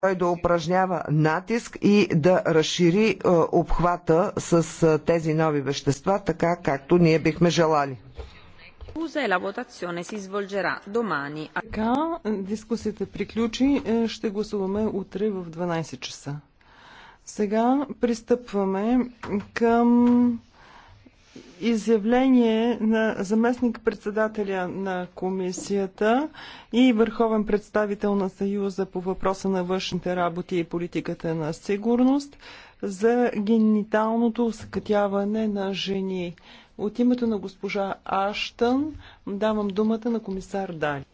той да упражнява натиск и да разшири е, обхвата с е, тези нови вещества, така както ние бихме желали. Е така, дискусията приключи. Ще гласуваме утре в 12 часа. Сега пристъпваме към изявление на заместник-председателя на комисията и върховен представител на Съюза по въпроса на външните работи и политиката на сигурност за гениталното съкътяване на жени. От името на госпожа Аштън давам думата на комисар Дали.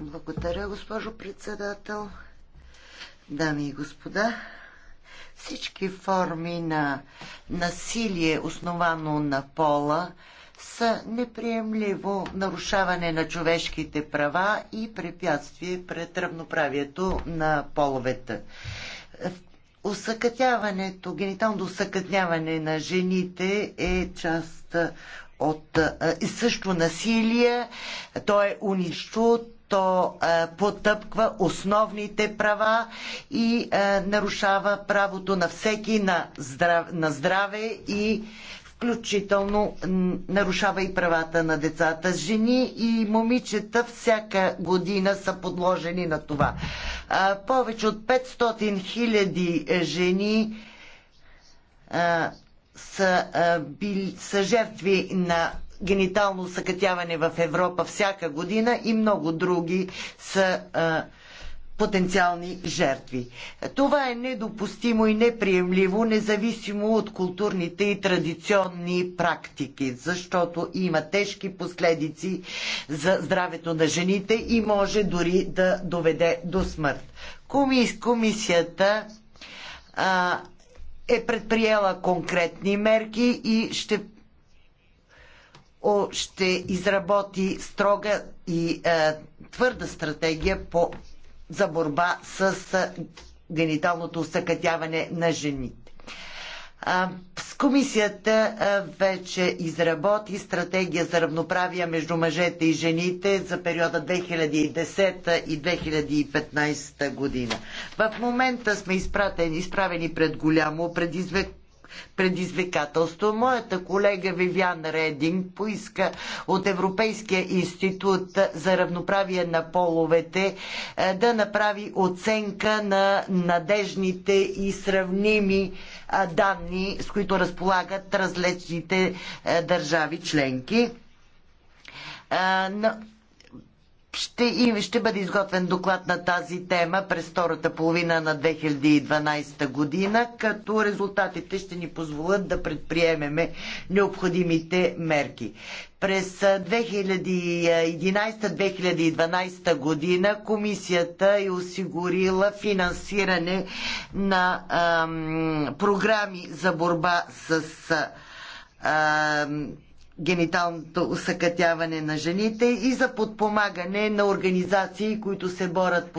Благодаря, госпожо председател. Дами и господа, всички форми на насилие, основано на пола, са неприемливо нарушаване на човешките права и препятствие пред равноправието на половете. Усъкътяването, гениталното усъкътняване на жените е част от е, също насилие. То е унищо, то е, потъпква основните права и е, нарушава правото на всеки на здраве, на здраве и включително нарушава и правата на децата. Жени и момичета всяка година са подложени на това. Е, повече от 500 хиляди жени са, били, са жертви на генитално съкътяване в Европа всяка година и много други са а, потенциални жертви. Това е недопустимо и неприемливо, независимо от културните и традиционни практики, защото има тежки последици за здравето на жените и може дори да доведе до смърт. Комис, комисията а, е предприела конкретни мерки и ще ще изработи строга и е, твърда стратегия по, за борба с е, гениталното усъкътяване на жените. с комисията е, вече изработи стратегия за равноправие между мъжете и жените за периода 2010 и 2015 година. В момента сме изправени пред голямо предизвикателство предизвикателство. Моята колега Вивиан Рединг поиска от Европейския институт за равноправие на половете е, да направи оценка на надежните и сравними е, данни, с които разполагат различните е, държави членки ще, и ще бъде изготвен доклад на тази тема през втората половина на 2012 година, като резултатите ще ни позволят да предприемеме необходимите мерки. През 2011-2012 година комисията е осигурила финансиране на ам, програми за борба с ам, гениталното усъкътяване на жените и за подпомагане на организации, които се борят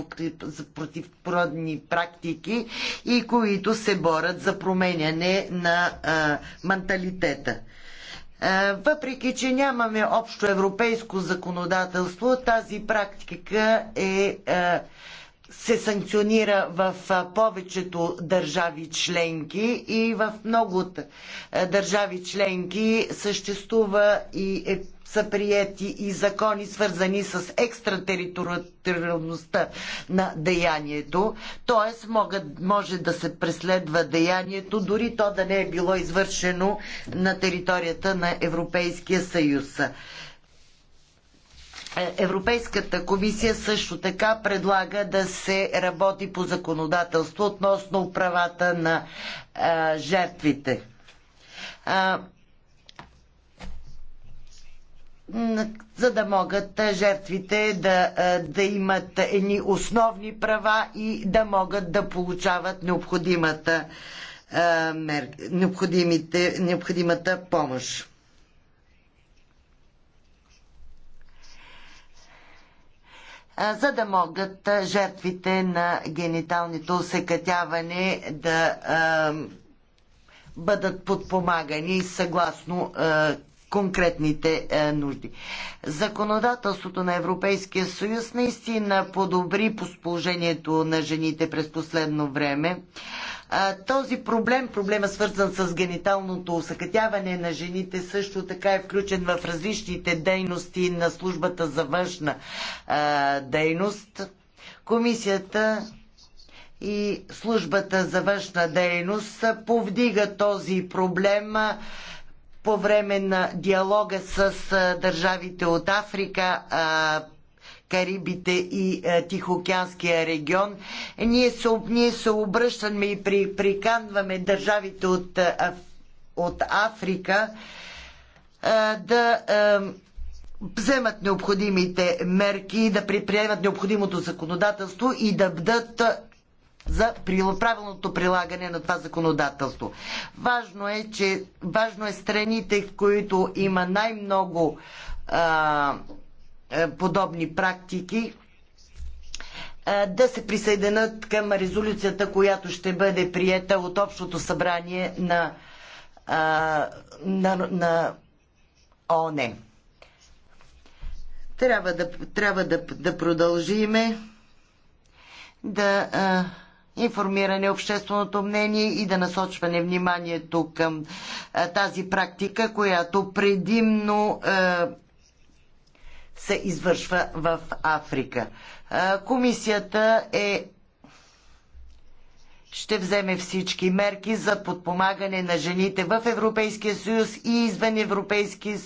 против породни практики и които се борят за променяне на а, менталитета. Въпреки, че нямаме общо европейско законодателство, тази практика е, е се санкционира в повечето държави членки и в много от държави членки съществува и е, са приети и закони свързани с екстратериториалността на деянието, т.е. може да се преследва деянието, дори то да не е било извършено на територията на Европейския съюз. Е, Европейската комисия също така предлага да се работи по законодателство относно правата на а, е, жертвите. Е, а, за да могат жертвите да, да имат едни основни права и да могат да получават необходимата, необходимите, необходимата помощ. за да могат жертвите на гениталното усекатяване да бъдат подпомагани съгласно конкретните нужди. Законодателството на Европейския съюз наистина подобри положението на жените през последно време, този проблем, проблема свързан с гениталното усъкътяване на жените, също така е включен в различните дейности на службата за външна дейност. Комисията и службата за външна дейност повдига този проблем по време на диалога с държавите от Африка Карибите и е, Тихоокеанския регион. Ние се, ние се обръщаме и при, приканваме държавите от, е, от Африка е, да вземат необходимите мерки, да предприемат необходимото законодателство и да бдат за правилното прилагане на това законодателство. Важно е, че важно е страните, в които има най-много е, подобни практики е, да се присъединят към резолюцията, която ще бъде приета от Общото събрание на, е, на, на ОНЕ. Трябва да, трябва да, да продължиме да а, информиране общественото мнение и да насочване вниманието към а, тази практика, която предимно а, се извършва в Африка. Комисията е ще вземе всички мерки за подпомагане на жените в Европейския съюз и извън Европейския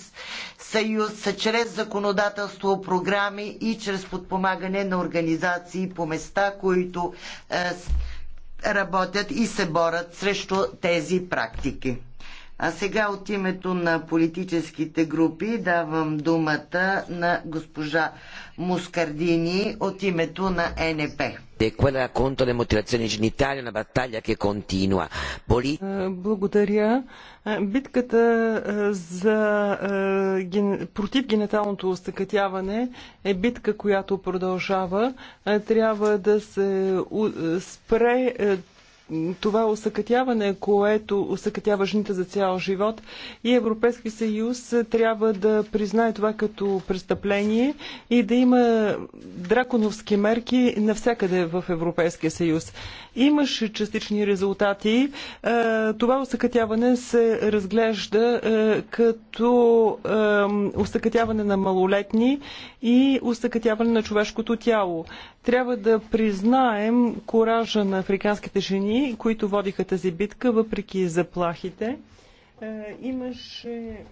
съюз чрез законодателство, програми и чрез подпомагане на организации по места, които е, работят и се борят срещу тези практики. А сега от името на политическите групи давам думата на госпожа Мускардини от името на НП. Е, е, благодаря. Е, битката за, против генеталното остъкътяване е битка, която продължава. Трябва да се спре това усъкътяване, което усъкътява жените за цял живот и Европейски съюз трябва да признае това като престъпление и да има драконовски мерки навсякъде в Европейския съюз. Имаше частични резултати. Е, това усъкътяване се разглежда е, като е, усъкътяване на малолетни и усъкътяване на човешкото тяло. Трябва да признаем коража на африканските жени които водиха тази битка, въпреки заплахите. Е, имаше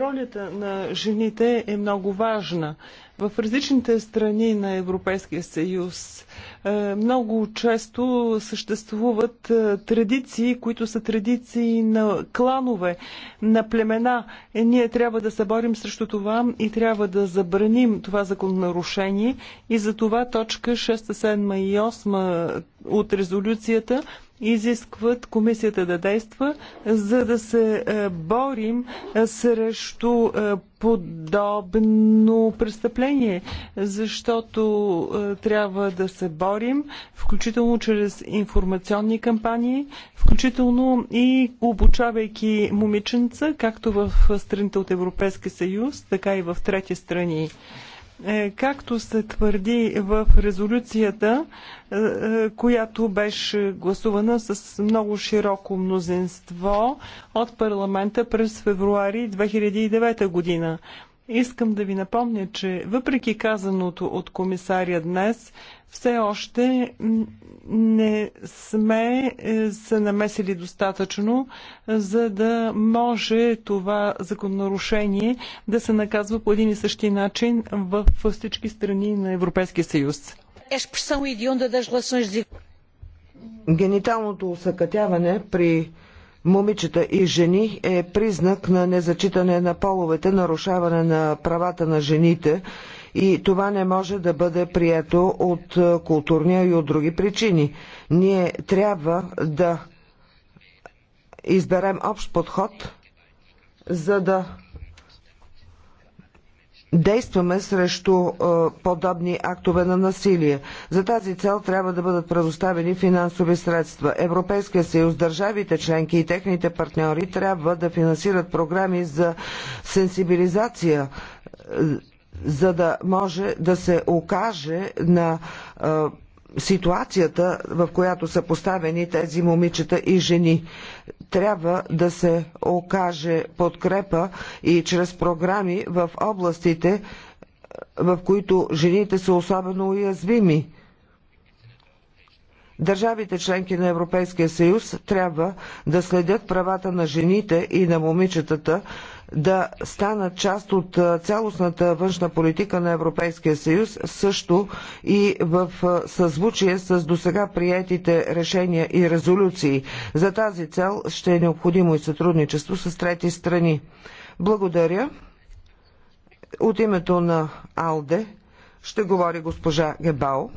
ролята на жените е много важна. В различните страни на Европейския съюз е, много често съществуват е, традиции, които са традиции на кланове, на племена. Е, ние трябва да се борим срещу това и трябва да забраним това закононарушение. И за това точка 6, 7 и 8 от резолюцията изискват комисията да действа, за да се борим срещу подобно престъпление, защото е, трябва да се борим, включително чрез информационни кампании, включително и обучавайки момиченца, както в страните от Европейския съюз, така и в трети страни. Е, както се твърди в резолюцията, е, е, която беше гласувана с много широко мнозинство от парламента през февруари 2009 година. Искам да ви напомня, че въпреки казаното от комисаря днес, все още не сме е, се намесили достатъчно, е, за да може това закононарушение да се наказва по един и същи начин в всички страни на Европейския съюз. Е, Гениталното усъкътяване при момичета и жени е признак на незачитане на половете, нарушаване на правата на жените и това не може да бъде прието от културния и от други причини. Ние трябва да изберем общ подход, за да действаме срещу е, подобни актове на насилие. За тази цел трябва да бъдат предоставени финансови средства. Европейския съюз, държавите членки и техните партньори трябва да финансират програми за сенсибилизация, е, за да може да се окаже на е, ситуацията, в която са поставени тези момичета и жени трябва да се окаже подкрепа и чрез програми в областите, в които жените са особено уязвими. Държавите членки на Европейския съюз трябва да следят правата на жените и на момичетата да станат част от цялостната външна политика на Европейския съюз, също и в съзвучие с досега приетите решения и резолюции. За тази цел ще е необходимо и сътрудничество с трети страни. Благодаря. От името на АЛДЕ ще говори госпожа Гебао.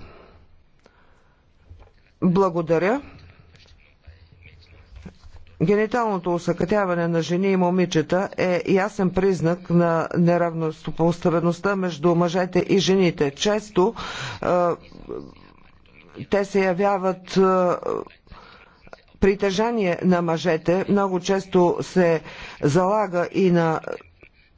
Благодаря. Гениталното усъкътяване на жени и момичета е ясен признак на неравностопоставеността между мъжете и жените. Често те се явяват притежание на мъжете, много често се залага и на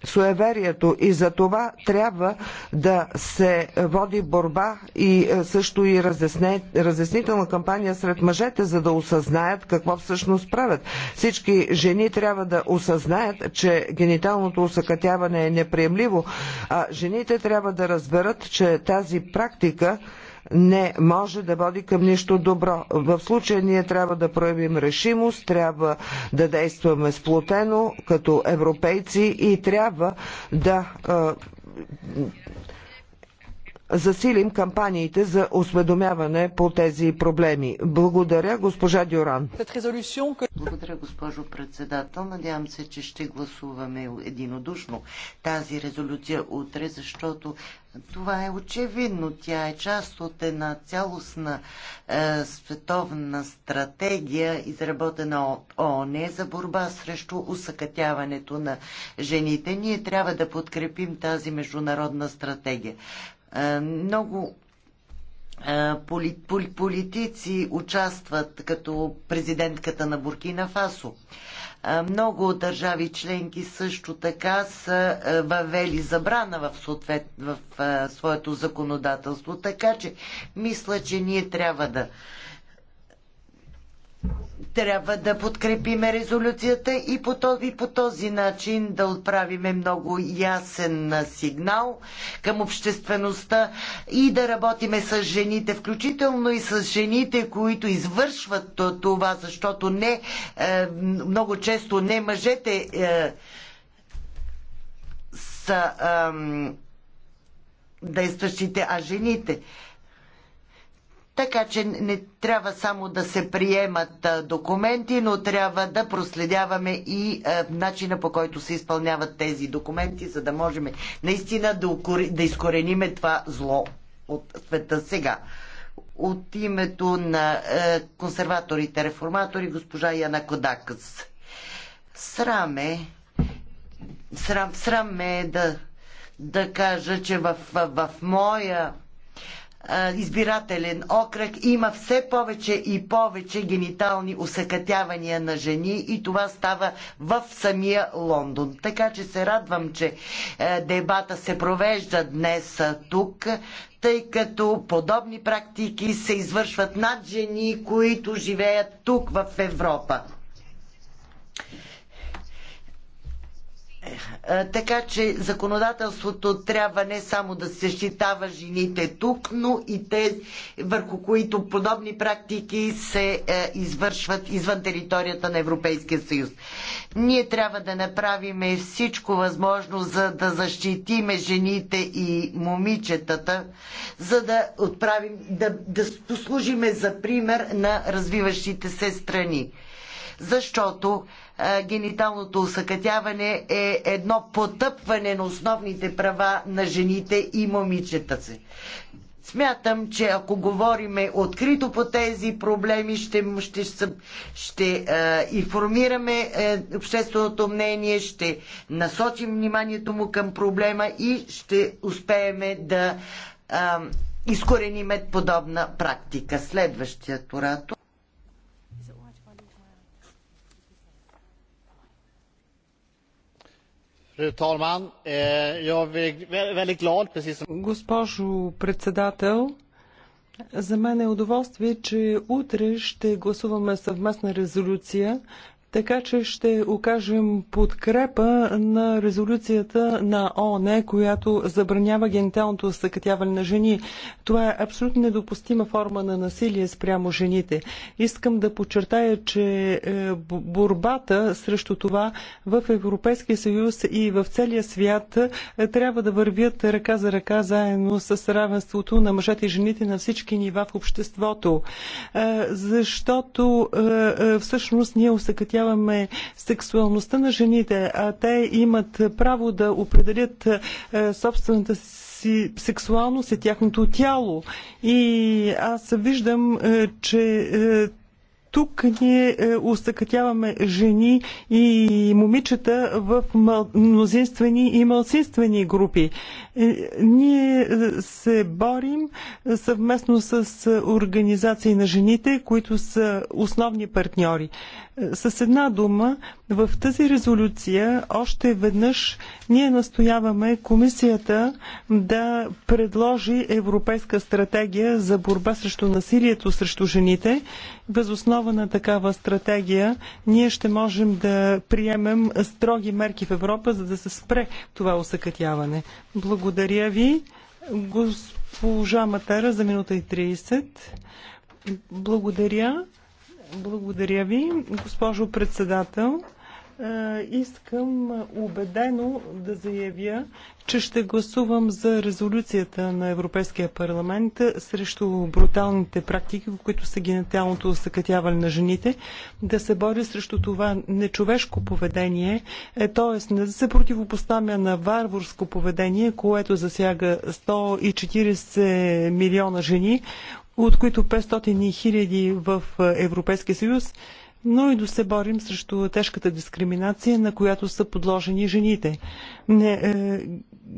суеверието и за това трябва да се води борба и е, също и разясне, разяснителна кампания сред мъжете, за да осъзнаят какво всъщност правят. Всички жени трябва да осъзнаят, че гениталното усъкътяване е неприемливо, а жените трябва да разберат, че тази практика не може да води към нищо добро. В случая ние трябва да проявим решимост, трябва да действаме сплотено като европейци и трябва да засилим кампаниите за осведомяване по тези проблеми. Благодаря, госпожа Дюран. Благодаря, госпожо председател. Надявам се, че ще гласуваме единодушно тази резолюция утре, защото това е очевидно. Тя е част от една цялостна е, световна стратегия, изработена от ООН за борба срещу усъкътяването на жените. Ние трябва да подкрепим тази международна стратегия. Е, много е, политици участват като президентката на Буркина Фасо. Е, много държави членки също така са е, въвели забрана в, съответ, в своето законодателство. Така че мисля, че ние трябва да трябва да подкрепиме резолюцията и по, този, и по този начин да отправиме много ясен сигнал към обществеността и да работиме с жените, включително и с жените, които извършват това, защото не, е, много често не мъжете е, са действащите, а жените. Така че не трябва само да се приемат документи, но трябва да проследяваме и начина по който се изпълняват тези документи, за да можем наистина да, изкореним изкорениме това зло от света сега. От името на консерваторите реформатори госпожа Яна Кодакъс. Сраме, срам, срам ме е да, да кажа, че в, в, в моя избирателен окръг има все повече и повече генитални усъкътявания на жени и това става в самия Лондон. Така че се радвам, че е, дебата се провежда днес тук, тъй като подобни практики се извършват над жени, които живеят тук в Европа. Е, така че законодателството трябва не само да защитава жените тук, но и те, върху които подобни практики се е, извършват извън територията на Европейския съюз. Ние трябва да направим всичко възможно, за да защитиме жените и момичетата, за да отправим, да, да послужиме за пример на развиващите се страни защото е, гениталното усъкътяване е едно потъпване на основните права на жените и момичета си. Смятам, че ако говориме открито по тези проблеми, ще, ще, ще е, информираме е, общественото мнение, ще насочим вниманието му към проблема и ще успеем да е, изкорениме подобна практика. Следващият оратор. Eh, Госпожо председател, за мен е удоволствие, че утре ще гласуваме съвместна резолюция така че ще окажем подкрепа на резолюцията на ООН, която забранява генталното съкътяване на жени. Това е абсолютно недопустима форма на насилие спрямо жените. Искам да подчертая, че е, борбата срещу това в Европейския съюз и в целия свят е, трябва да вървят ръка за ръка заедно с равенството на мъжете и жените на всички нива в обществото. Е, защото всъщност ние усъкътяваме проследяваме сексуалността на жените, а те имат право да определят е, собствената си сексуалност и тяхното тяло. И аз виждам, е, че е, тук ние устъкътяваме жени и момичета в мнозинствени и малцинствени групи. Е, ние е, се борим е, съвместно с организации на жените, които са основни партньори. С една дума, в тази резолюция още веднъж ние настояваме комисията да предложи европейска стратегия за борба срещу насилието срещу жените. Без основа на такава стратегия ние ще можем да приемем строги мерки в Европа, за да се спре това усъкътяване. Благодаря. Благодаря ви. Госпожа Матера за минута и 30. Благодаря. Благодаря ви, госпожо председател. Е, искам убедено да заявя, че ще гласувам за резолюцията на Европейския парламент срещу бруталните практики, в които са генеталното усъкътяване на жените, да се бори срещу това нечовешко поведение, т.е. не да се противопоставя на варварско поведение, което засяга 140 милиона жени, от които 500 хиляди в Европейския съюз но и да се борим срещу тежката дискриминация, на която са подложени жените. Не, е,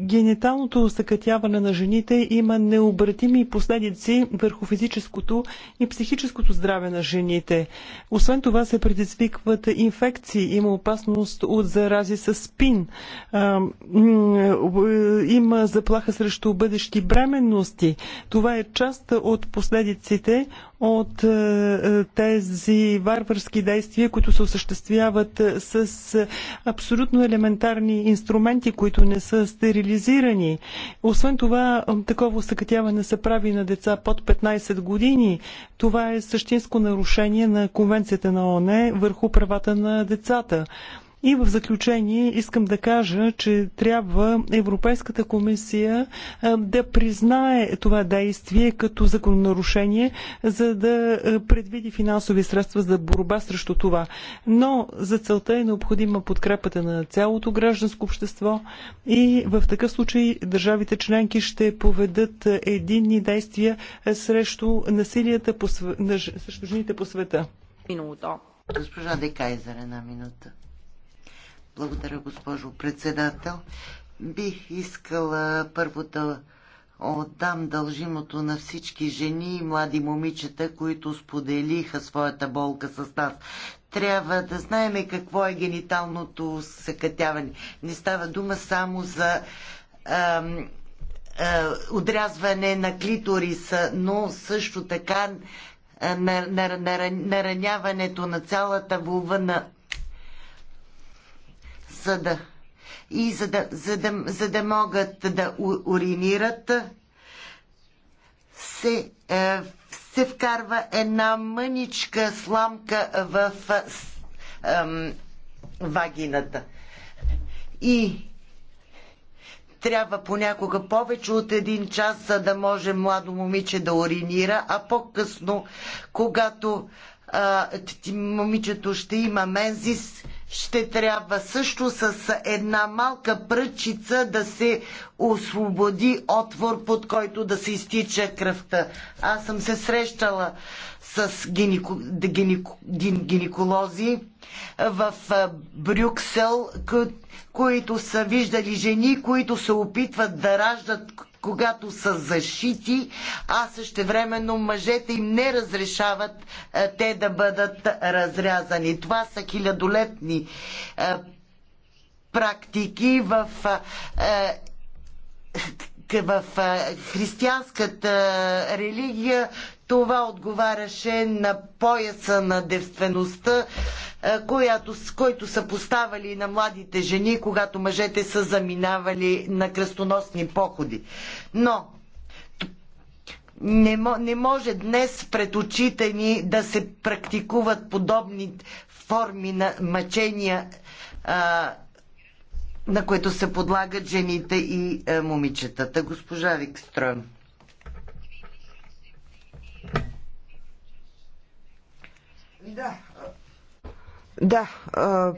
генеталното усъкътяване на жените има необратими последици върху физическото и психическото здраве на жените. Освен това се предизвикват инфекции, има опасност от зарази с спин, е, има заплаха срещу бъдещи бременности. Това е част от последиците от е, е, тези варварски действия, които се осъществяват е, с абсолютно елементарни инструменти, които не са стерилизирани. Освен това, такова съкътяване се прави на деца под 15 години. Това е същинско нарушение на Конвенцията на ОНЕ върху правата на децата. И в заключение искам да кажа, че трябва Европейската комисия да признае това действие като закононарушение, за да предвиди финансови средства за борба срещу това. Но за целта е необходима подкрепата на цялото гражданско общество и в такъв случай държавите членки ще поведат единни действия срещу насилията по св... срещу жените по света. Госпожа Декайзер, една минута. Благодаря, госпожо председател. Бих искала първо да отдам дължимото на всички жени и млади момичета, които споделиха своята болка с нас. Трябва да знаеме какво е гениталното съкътяване. Не става дума само за ам, а, отрязване на клиториса, но също така нараняването на цялата вулва на съда. И за да, за да, за да могат да уринират, се, е, се вкарва една мъничка сламка в е, вагината. И трябва понякога повече от един час, за да може младо момиче да оринира, а по-късно, когато а, момичето ще има мензис, ще трябва също с една малка пръчица да се освободи отвор, под който да се изтича кръвта. Аз съм се срещала с гинеко, гинеко, гинеколози в Брюксел, които са виждали жени, които се опитват да раждат когато са защити, а същевременно мъжете им не разрешават а, те да бъдат разрязани. Това са хилядолетни а, практики в. А, в християнската религия това отговаряше на пояса на девствеността, е, която, с който са поставали на младите жени, когато мъжете са заминавали на кръстоносни походи. Но не, не може днес пред очите ни да се практикуват подобни форми на мъчения, а, е, на които се подлагат жените и а, е, момичетата. Госпожа Викстрон. Да. Да. А...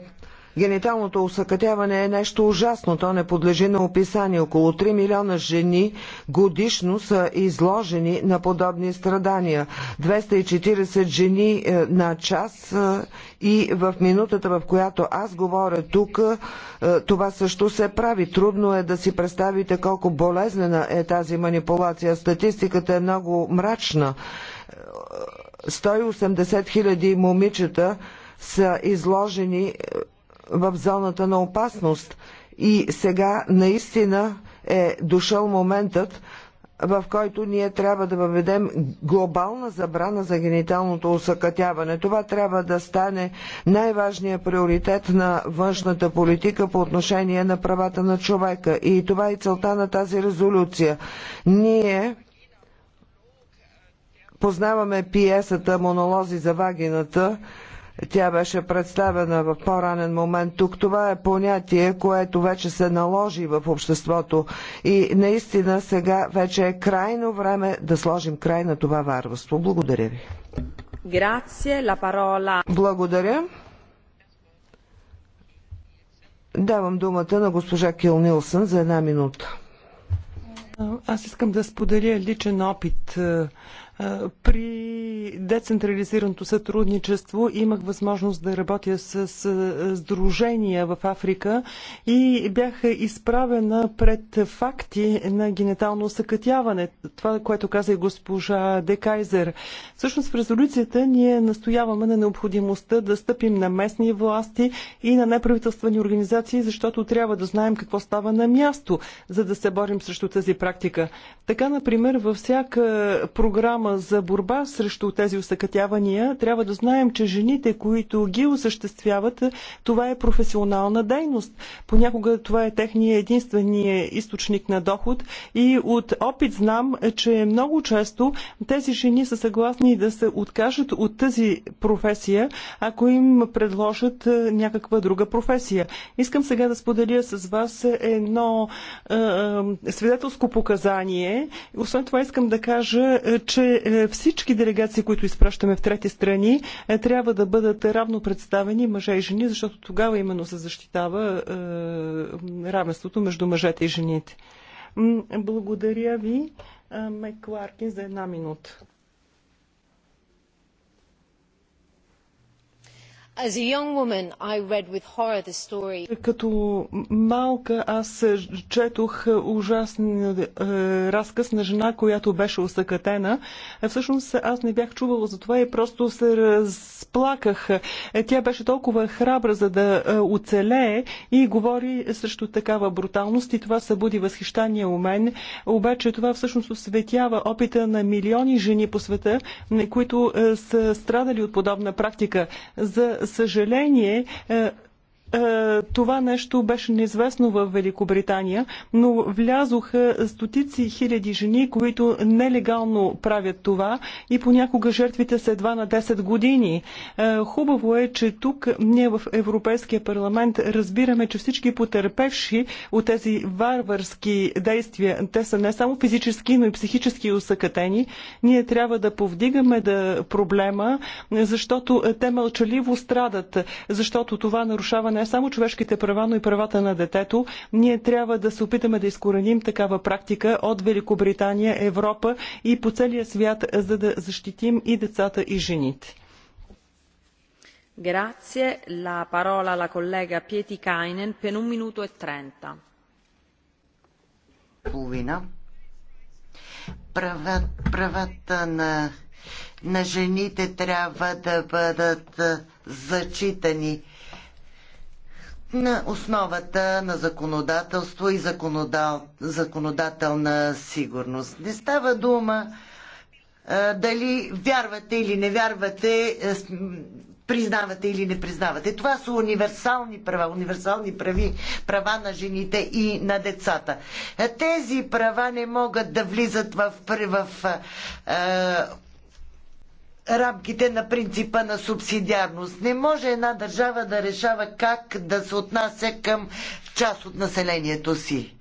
Гениталното усъкътяване е нещо ужасно, то не подлежи на описание. Около 3 милиона жени годишно са изложени на подобни страдания. 240 жени е, на час е, и в минутата, в която аз говоря тук, е, това също се прави. Трудно е да си представите колко болезнена е тази манипулация. Статистиката е много мрачна. 180 хиляди момичета са изложени е, в зоната на опасност. И сега наистина е дошъл моментът, в който ние трябва да въведем глобална забрана за гениталното усъкътяване. Това трябва да стане най-важният приоритет на външната политика по отношение на правата на човека. И това е целта на тази резолюция. Ние Познаваме пиесата «Монолози за вагината», тя беше представена в по-ранен момент тук. Това е понятие, което вече се наложи в обществото и наистина сега вече е крайно време да сложим край на това варварство. Благодаря ви. Благодаря. Давам думата на госпожа Кил Нилсън за една минута. Аз искам да споделя личен опит. При децентрализираното сътрудничество имах възможност да работя с сдружения в Африка и бях изправена пред факти на генетално съкътяване. Това, което каза и госпожа Декайзер. Всъщност в резолюцията ние настояваме на необходимостта да стъпим на местни власти и на неправителствени организации, защото трябва да знаем какво става на място, за да се борим срещу тази практика. Така, например, във всяка програма дума за борба срещу тези усъкътявания, трябва да знаем, че жените, които ги осъществяват, това е професионална дейност. Понякога това е техния единствения източник на доход и от опит знам, че много често тези жени са съгласни да се откажат от тази професия, ако им предложат е, някаква друга професия. Искам сега да споделя с вас едно е, е свидетелско показание. Освен това искам да кажа, че е, всички делегации, които изпращаме в трети страни, е, трябва да бъдат равно представени мъже и жени, защото тогава именно се защитава е, равенството между мъжете и жените. Благодаря ви, Мек Кларкин, за една минута. Като малка аз четох ужасен е, разказ на жена, която беше усъкътена, е, Всъщност аз не бях чувала за това и просто се разплаках. Е, тя беше толкова храбра, за да оцелее и говори срещу такава бруталност и това събуди възхищание у мен. Обаче това всъщност осветява опита на милиони жени по света, които са страдали от подобна практика. За съжаление е, е, това нещо беше неизвестно в Великобритания, но влязоха стотици хиляди жени, които нелегално правят това и понякога жертвите са едва на 10 години. Е, хубаво е, че тук ние в Европейския парламент разбираме, че всички потерпевши от тези варварски действия, те са не само физически, но и психически усъкътени. Ние трябва да повдигаме да проблема, защото те мълчаливо страдат, защото това нарушаване не само човешките права, но и правата на детето. Ние трябва да се опитаме да изкореним такава практика от Великобритания, Европа и по целия свят, за да защитим и децата и жените. Grazie. La parola alla collega Pietikainen per un minuto e trenta. Половина. Права, правата на, на жените трябва да бъдат зачитани на основата на законодателство и законодателна сигурност. Не става дума а, е, дали вярвате или не вярвате, а, е, признавате или не признавате. Това са универсални права, универсални прави, права на жените и на децата. Е, тези права не могат да влизат в, в, в е, рамките на принципа на субсидиарност. Не може една държава да решава как да се отнася към част от населението си.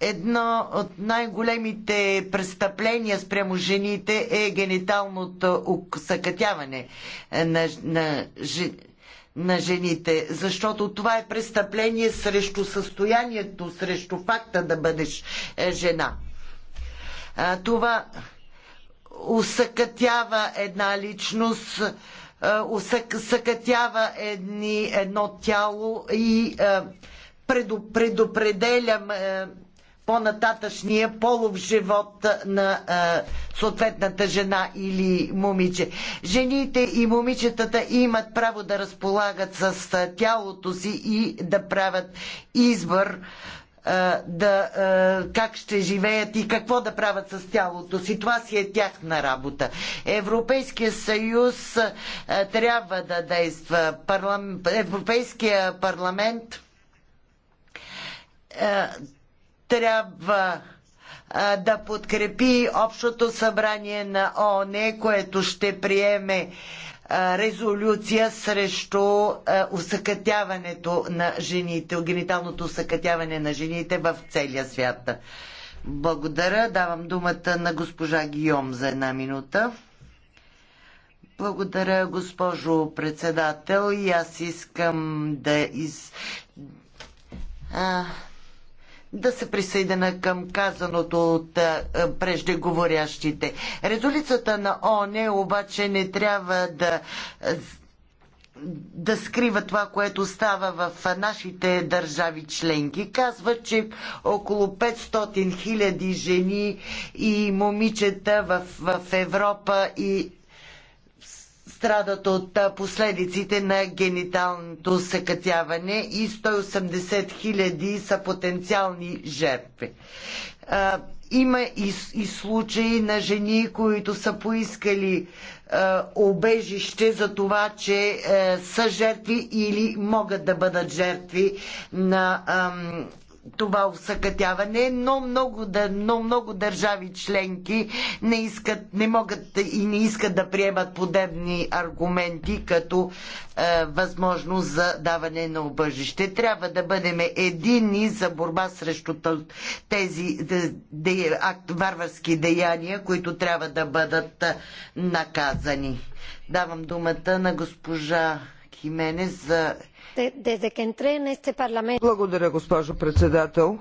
Едно от най-големите престъпления спрямо жените е гениталното усъкътяване на, на, на жените, защото това е престъпление срещу състоянието, срещу факта да бъдеш е, жена. А, това усъкътява една личност, е, усъкътява едни, едно тяло и е, предопределя е, по-нататъчния полов живот на е, съответната жена или момиче. Жените и момичетата имат право да разполагат с тялото си и да правят избор да, как ще живеят и какво да правят с тялото си. Това си е тяхна работа. Европейския съюз трябва да действа. Европейския парламент трябва да подкрепи Общото събрание на ООН, което ще приеме резолюция срещу усъкътяването на жените, гениталното усъкътяване на жените в целия свят. Благодаря. Давам думата на госпожа Гиом за една минута. Благодаря, госпожо председател. И аз искам да из... А, да се присъедина към казаното от преждеговорящите. Резолицата на ООН обаче не трябва да да скрива това, което става в нашите държави членки. Казва, че около 500 хиляди жени и момичета в, в Европа и страдат от последиците на гениталното съкътяване и 180 хиляди са потенциални жертви. Има и, и случаи на жени, които са поискали обежище за това, че са жертви или могат да бъдат жертви на това усъкътяване, но много, но много държави членки не, искат, не могат и не искат да приемат подебни аргументи като е, възможност за даване на объжище. Трябва да бъдем едини за борба срещу тези де, де, акт, варварски деяния, които трябва да бъдат е, наказани. Давам думата на госпожа Хименес за благодаря, госпожо председател.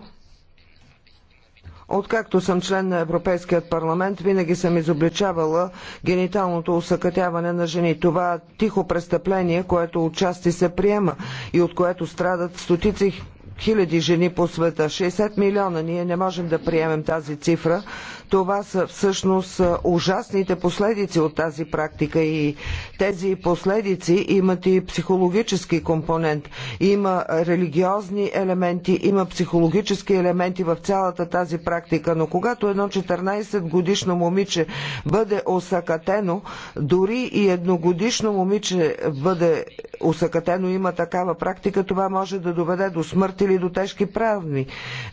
Откакто съм член на Европейският парламент, винаги съм изобличавала гениталното усъкътяване на жени. Това тихо престъпление, което отчасти се приема и от което страдат стотици хиляди жени по света. 60 милиона. Ние не можем да приемем тази цифра. Това са всъщност ужасните последици от тази практика и тези последици имат и психологически компонент. Има религиозни елементи, има психологически елементи в цялата тази практика, но когато едно 14 годишно момиче бъде осакатено, дори и едногодишно момиче бъде усъкътено има такава практика, това може да доведе до смърт или до тежки правни.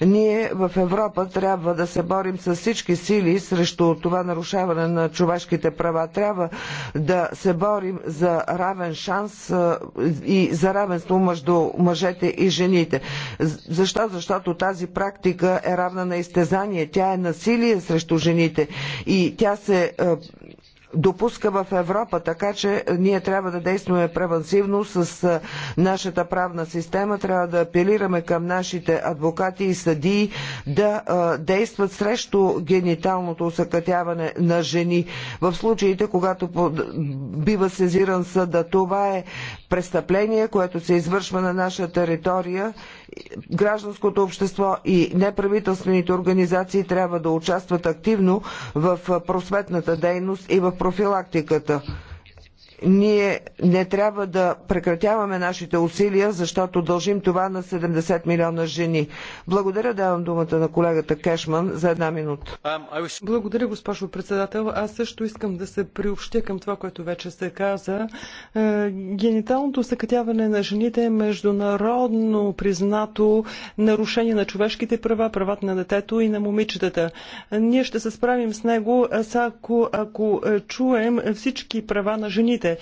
Ние в Европа трябва да се борим с всички сили срещу това нарушаване на човешките права. Трябва да се борим за равен шанс и за равенство между мъжете и жените. Защо? Защото тази практика е равна на изтезание. Тя е насилие срещу жените и тя се допуска в Европа, така че ние трябва да действаме превансивно с нашата правна система, трябва да апелираме към нашите адвокати и съдии да действат срещу гениталното усъкътяване на жени в случаите, когато бива сезиран съда. Това е престъпление, което се извършва на наша територия, гражданското общество и неправителствените организации трябва да участват активно в просветната дейност и в профилактиката. Ние не трябва да прекратяваме нашите усилия, защото дължим това на 70 милиона жени. Благодаря, давам думата на колегата Кешман за една минута. Um, Благодаря, госпожо председател. Аз също искам да се приобщя към това, което вече се каза. Е, гениталното съкътяване на жените е международно признато нарушение на човешките права, правата на детето и на момичетата. Ние ще се справим с него, ако, ако е, чуем всички права на жените дете.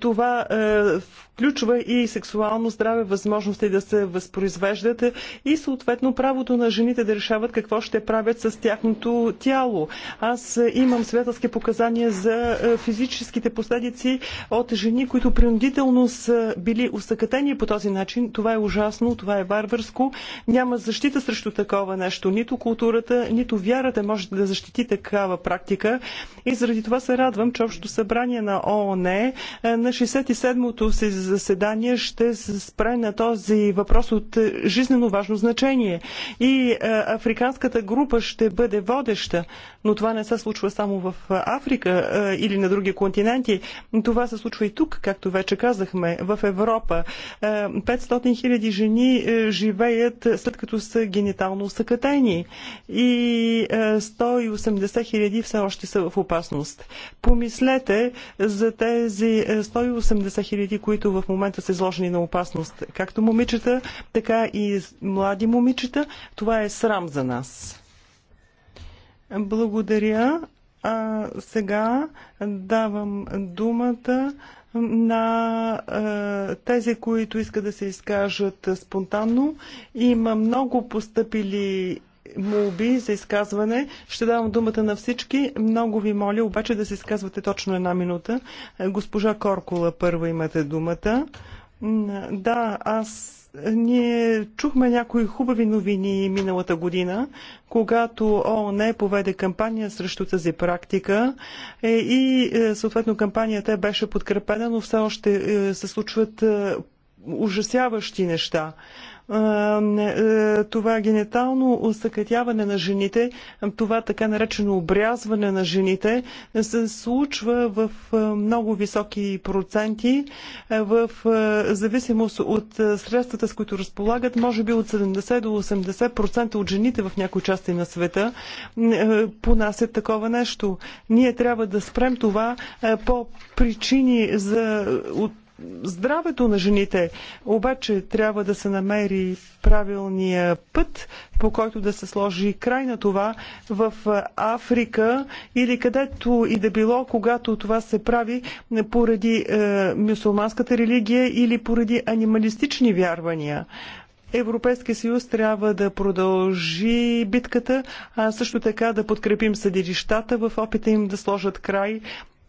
Това е, включва и сексуално здраве, възможности да се възпроизвеждат и съответно правото на жените да решават какво ще правят с тяхното тяло. Аз имам свидетелски показания за е, физическите последици от жени, които принудително са били усъкътени по този начин. Това е ужасно, това е варварско. Няма защита срещу такова нещо. Нито културата, нито вярата може да защити такава практика. И заради това се радвам, че Общото събрание на ООН не. Е, на 67-то си заседание ще се спре на този въпрос от жизнено важно значение. И е, африканската група ще бъде водеща, но това не се случва само в Африка е, или на други континенти. Това се случва и тук, както вече казахме, в Европа. 500 000 жени живеят след като са генитално съкътени и 180 000 все още са в опасност. Помислете за тези тези 180 е, хиляди, които в момента са изложени на опасност, както момичета, така и млади момичета, това е срам за нас. Благодаря. А, сега давам думата на а, е, тези, които искат да се изкажат спонтанно. Има много постъпили молби за изказване. Ще давам думата на всички. Много ви моля обаче да се изказвате точно една минута. Госпожа Коркола, първа имате думата. Да, аз ние чухме някои хубави новини миналата година, когато ООН поведе кампания срещу тази практика е, и е, съответно кампанията беше подкрепена, но все още е, се случват ужасяващи неща. Е, това генетално усъкътяване на жените, това така наречено обрязване на жените, се случва в е, много високи проценти, е, в зависимост от средствата, с които разполагат, може би от 70 до 80% от жените в някои части на света понасят такова нещо. Ние трябва да спрем това по причини за здравето на жените. Обаче трябва да се намери правилния път, по който да се сложи край на това в Африка или където и да било, когато това се прави поради е, мюсулманската религия или поради анималистични вярвания. Европейския съюз трябва да продължи битката, а също така да подкрепим съдилищата в опита им да сложат край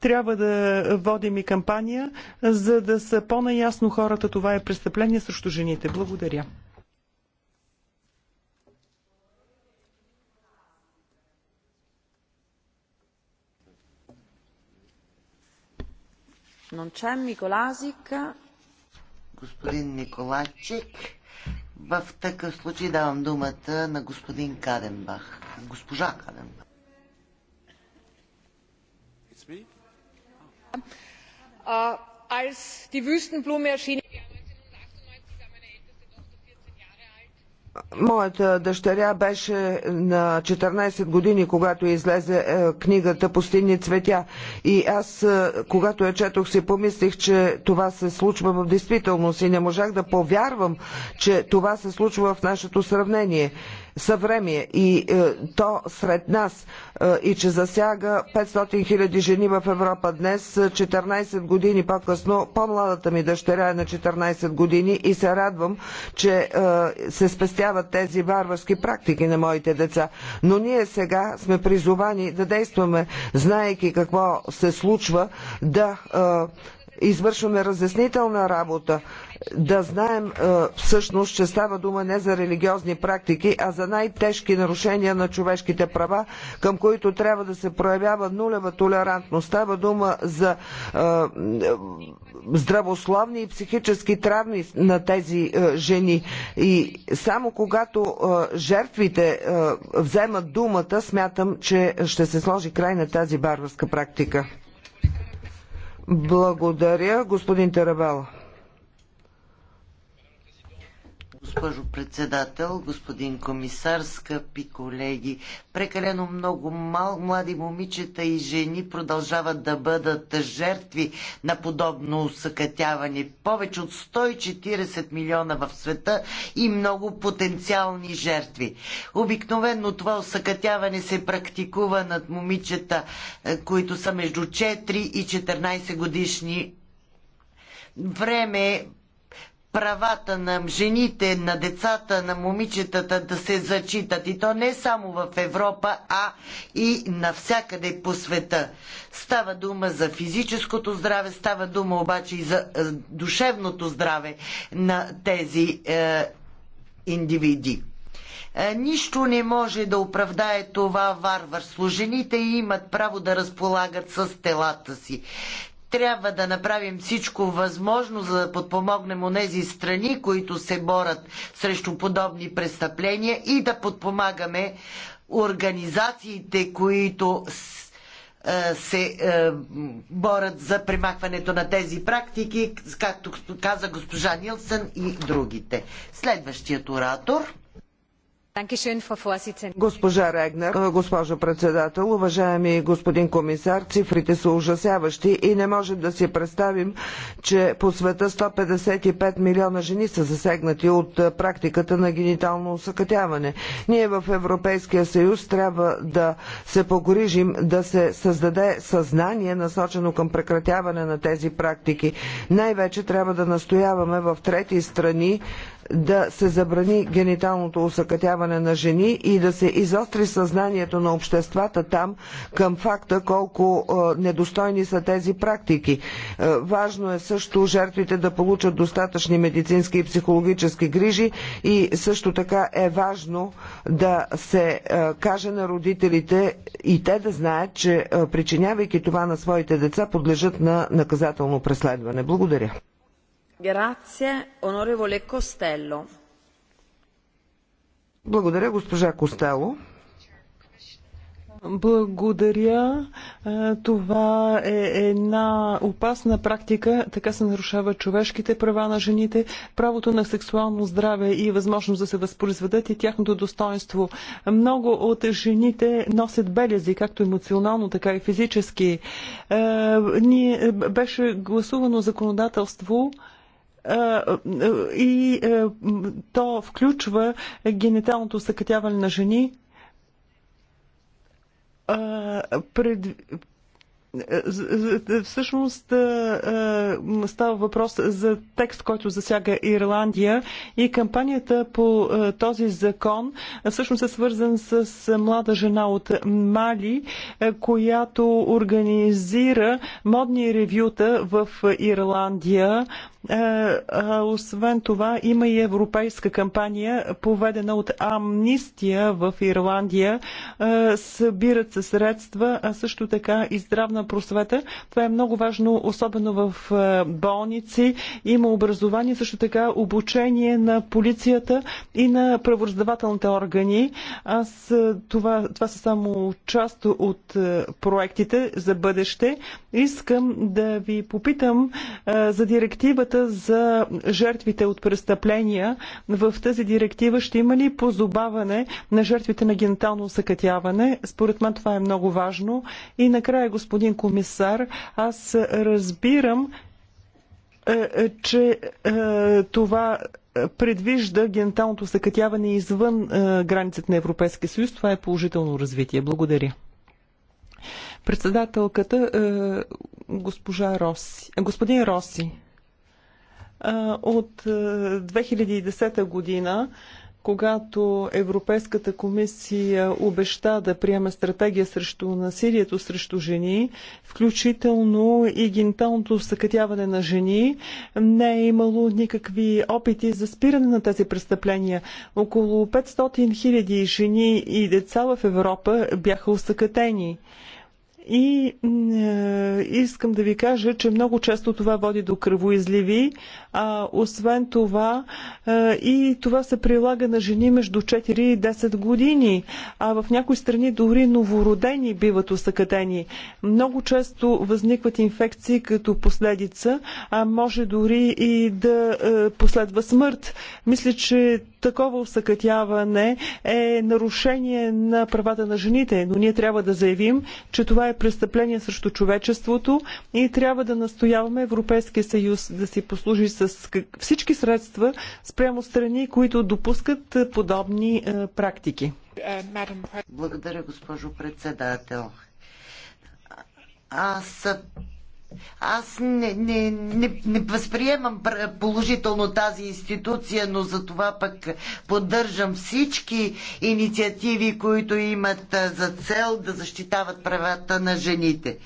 трябва да водим и кампания, за да са по-наясно хората това е престъпление срещу жените. Благодаря. Non c'è Миколазик. Господин Николачик, в такъв случай давам думата на господин Каденбах. Госпожа Каденбах. Äh, als die Wüstenblume erschien. Моята дъщеря беше на 14 години, когато излезе е, книгата Пустинни цветя. И аз, е, когато я четох, си помислих, че това се случва в действителност и не можах да повярвам, че това се случва в нашето сравнение съвремие и е, то сред нас е, и че засяга 500 хиляди жени в Европа днес, 14 е, години по-късно, по-младата ми дъщеря е на 14 години и се радвам, че се спестяват тези варварски практики на моите деца. Но ние сега сме призовани да действаме, знаеки какво се случва, да извършваме разяснителна работа, да знаем е, всъщност, че става дума не за религиозни практики, а за най-тежки нарушения на човешките права, към които трябва да се проявява нулева толерантност. Става дума за е, здравословни и психически травми на тези е, жени. И само когато жертвите вземат думата, смятам, че ще се сложи край на тази барварска практика. Благодаря, господин Тарабела. Госпожо председател, господин комисар, скъпи колеги, прекалено много мал, млади момичета и жени продължават да бъдат жертви на подобно усъкътяване. Повече от 140 милиона в света и много потенциални жертви. Обикновено това усъкътяване се практикува над момичета, е, които са между 4 и 14 годишни. Време е правата на жените, на децата, на момичетата да се зачитат. И то не само в Европа, а и навсякъде по света. Става дума за физическото здраве, става дума обаче и за е, душевното здраве на тези е, индивиди. Е, нищо не може да оправдае това варварство. Жените имат право да разполагат с телата си трябва да направим всичко възможно, за да подпомогнем онези страни, които се борят срещу подобни престъпления и да подпомагаме организациите, които е, се е, борят за примахването на тези практики, както каза госпожа Нилсън и другите. Следващият оратор. Госпожа Регнер, госпожо председател, уважаеми господин комисар, цифрите са ужасяващи и не можем да си представим, че по света 155 милиона жени са засегнати от практиката на генитално усъкътяване. Ние в Европейския съюз трябва да се погрижим да се създаде съзнание насочено към прекратяване на тези практики. Най-вече трябва да настояваме в трети страни да се забрани гениталното усъкътяване на жени и да се изостри съзнанието на обществата там към факта колко е, недостойни са тези практики. Е, важно е също жертвите да получат достатъчни медицински и психологически грижи и също така е важно да се е, каже на родителите и те да знаят, че причинявайки това на своите деца, подлежат на наказателно преследване. Благодаря. Благодаря, госпожа Костело. Благодаря. Е, това е една опасна практика. Така се нарушава човешките права на жените, правото на сексуално здраве и възможност да се възпроизведат и тяхното достоинство. Много от жените носят белези, както емоционално, така и физически. Е, ние е, беше гласувано законодателство, е, е, и е, то включва генеталното съкътяване на жени е, всъщност е, е, става въпрос за текст, който засяга Ирландия и кампанията по този закон всъщност е свързан с млада жена от Мали, която организира модни ревюта в Ирландия. Освен това има и европейска кампания, поведена от Амнистия в Ирландия. Събират се средства, а също така и здравна просвета. Това е много важно, особено в е, болници. Има образование, също така обучение на полицията и на правораздавателните органи. Аз е, това, това са само част от е, проектите за бъдеще. Искам да ви попитам за директивата за жертвите от престъпления. В тази директива ще има ли позобаване на жертвите на генетално съкътяване? Според мен това е много важно. И накрая, господин господин комисар. Аз разбирам, е, е, че е, това предвижда генталното съкътяване извън границата на Европейския съюз. Това е положително развитие. Благодаря. Председателката госпожа Роси. Господин Роси, от 2010 година когато Европейската комисия обеща да приеме стратегия срещу насилието срещу жени, включително и генталното съкътяване на жени, не е имало никакви опити за спиране на тези престъпления. Около 500 000 жени и деца в Европа бяха усъкътени. И е, искам да ви кажа, че много често това води до кръвоизливи, а освен това е, и това се прилага на жени между 4 и 10 години, а в някои страни дори новородени биват усъкътени. Много често възникват инфекции като последица, а може дори и да е, последва смърт. Мисля, че такова усъкътяване е нарушение на правата на жените, но ние трябва да заявим, че това е престъпление срещу човечеството и трябва да настояваме Европейския съюз да си послужи с всички средства спрямо страни, които допускат е, подобни е, практики. Благодаря, госпожо председател. Аз аз не, не, не, не възприемам положително тази институция, но за това пък поддържам всички инициативи, които имат за цел да защитават правата на жените.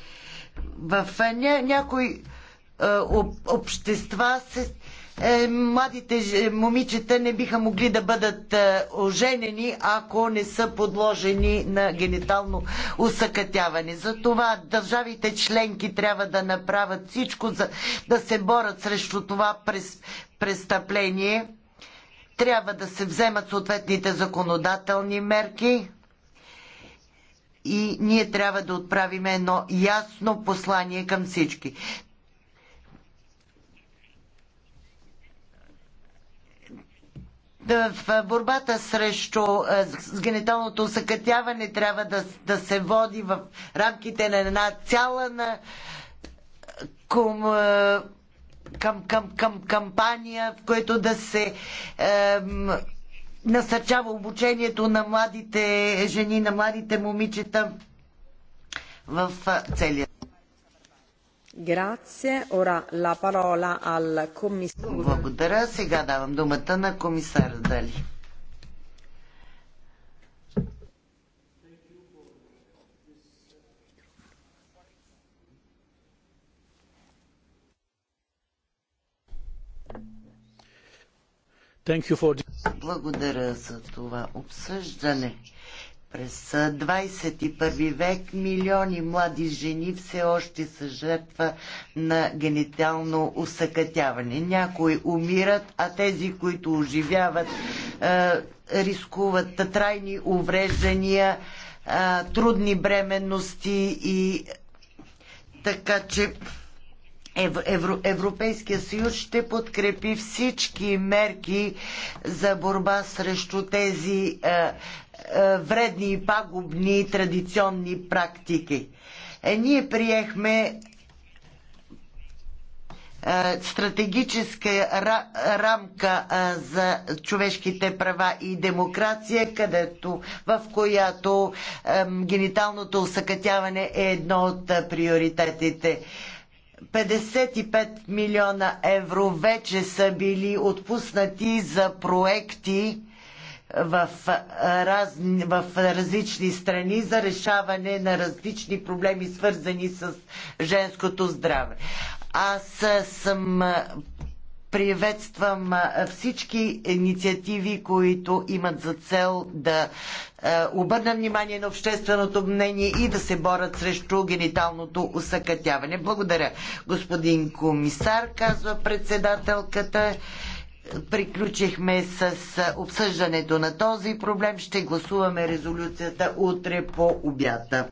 В ня, някои общества се, е, младите момичета не биха могли да бъдат е, оженени, ако не са подложени на генитално усъкътяване. Затова държавите членки трябва да направят всичко за да се борят срещу това престъпление. Трябва да се вземат съответните законодателни мерки и ние трябва да отправим едно ясно послание към всички. в борбата срещу е, гениталното усъкътяване трябва да, да се води в рамките на една цяла на ком, е, към, към, към кампания, в която да се е, насърчава обучението на младите жени, на младите момичета в е, целия благодаря. Сега давам думата на комисар Дали. Благодаря за това обсъждане. През 21 век милиони млади жени все още са жертва на генитално усъкътяване. Някои умират, а тези, които оживяват, е, рискуват трайни увреждания, е, трудни бременности и така че Евро, Европейския съюз ще подкрепи всички мерки за борба срещу тези е, е, вредни и пагубни традиционни практики. Е, ние приехме е, стратегическа рамка е, за човешките права и демокрация, където, в която гениталното усъкътяване е едно от приоритетите. 55 милиона евро вече са били отпуснати за проекти в, раз, в различни страни за решаване на различни проблеми, свързани с женското здраве. Аз съм приветствам всички инициативи, които имат за цел да обърна внимание на общественото мнение и да се борят срещу гениталното усъкътяване. Благодаря, господин комисар, казва председателката приключихме с обсъждането на този проблем. Ще гласуваме резолюцията утре по обята.